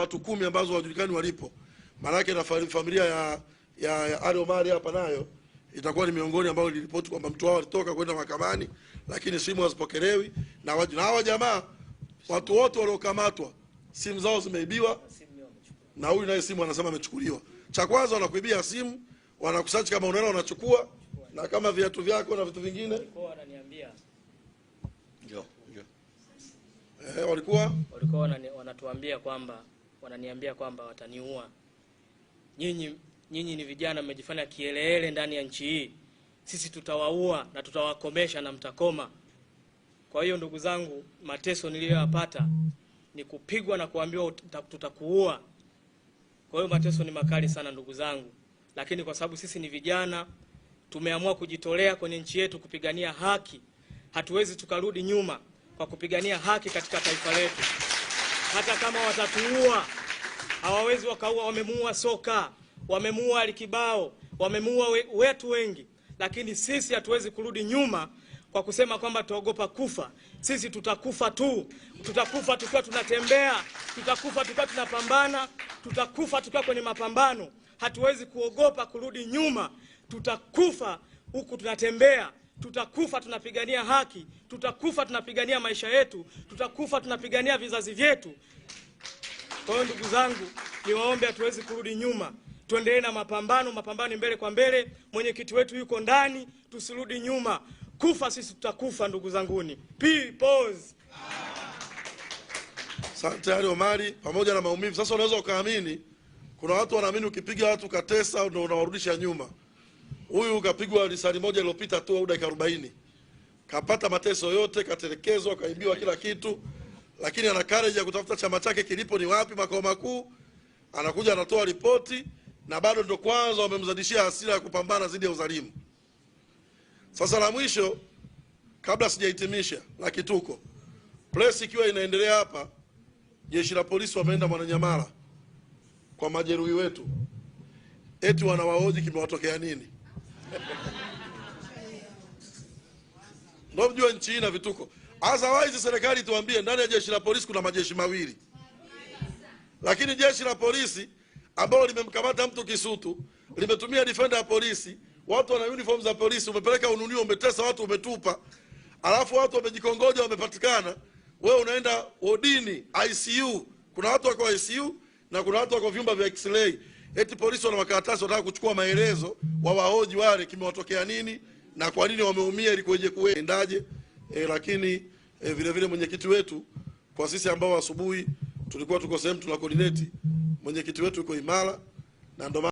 watu kumi ambazo hawajulikani walipo, maanake na familia ya ya, ya Ali Omari hapa nayo itakuwa ni miongoni ambao iliripoti kwamba mtu wao alitoka kwenda mahakamani, lakini simu hazipokelewi na na hawa jamaa watu wote waliokamatwa simu zao zimeibiwa, na huyu naye simu anasema amechukuliwa. Cha kwanza wanakuibia simu, wanakusachi kama unaona, wanachukua na kama viatu vyako na vitu vingine. walikuwa eh, wanatuambia kwamba wananiambia kwamba wataniua. Nyinyi nyinyi ni vijana mmejifanya kielele ndani ya nchi hii, sisi tutawaua na tutawakomesha na mtakoma. Kwa hiyo ndugu zangu, mateso niliyoyapata ni kupigwa na kuambiwa tutakuua. Kwa hiyo mateso ni makali sana ndugu zangu, lakini kwa sababu sisi ni vijana tumeamua kujitolea kwenye nchi yetu kupigania haki. Hatuwezi tukarudi nyuma kwa kupigania haki katika taifa letu hata kama watatuua hawawezi wakaua. Wamemuua Soka, wamemuua Alikibao, wamemuua we, wetu wengi, lakini sisi hatuwezi kurudi nyuma kwa kusema kwamba tutaogopa kufa. Sisi tutakufa tu, tutakufa tukiwa tunatembea, tutakufa tukiwa tunapambana, tutakufa tukiwa kwenye mapambano. Hatuwezi kuogopa kurudi nyuma, tutakufa huku tunatembea. Tutakufa tunapigania haki, tutakufa tunapigania maisha yetu, tutakufa tunapigania vizazi vyetu. Kwa hiyo ndugu zangu, niwaombe, hatuwezi kurudi nyuma, tuendelee na mapambano. Mapambano mbele kwa mbele, mwenyekiti wetu yuko ndani, tusirudi nyuma. Kufa sisi tutakufa, ndugu zanguni. Peoples Asante Ali Omari, pamoja na maumivu. Sasa unaweza ukaamini, kuna watu wanaamini ukipiga watu katesa ndio unawarudisha nyuma. Huyu kapigwa risali moja iliyopita tu au dakika 40. Kapata mateso yote, katelekezwa, kaibiwa kila kitu, lakini ana courage ya kutafuta chama chake kilipo ni wapi makao makuu. Anakuja anatoa ripoti na bado ndo kwanza wamemzadishia hasira ya kupambana zidi ya uzalimu Sasa la mwisho kabla sijahitimisha la kituko. Press ikiwa inaendelea hapa, jeshi la polisi wameenda Mwananyamala kwa majeruhi wetu, eti wanawahoji kimewatokea nini? ndio mjue nchi hii na vituko. azawaizi serikali tuambie, ndani ya jeshi la polisi kuna majeshi mawili, lakini jeshi la polisi ambalo limemkamata mtu Kisutu limetumia defender ya polisi, watu wana uniform za polisi, umepeleka ununio, umetesa watu, umetupa, alafu watu wamejikongoja, wamepatikana, wewe unaenda odini ICU. Kuna watu wako ICU na kuna watu wako vyumba vya X-ray eti polisi wana makaratasi wanataka kuchukua maelezo wa wahoji wale kimewatokea nini na kwa nini wameumia ilikuweje kuendaje e, lakini e, vile vile mwenyekiti wetu kwa sisi ambao asubuhi tulikuwa tuko sehemu tuna coordinate mwenyekiti wetu yuko imara na ndio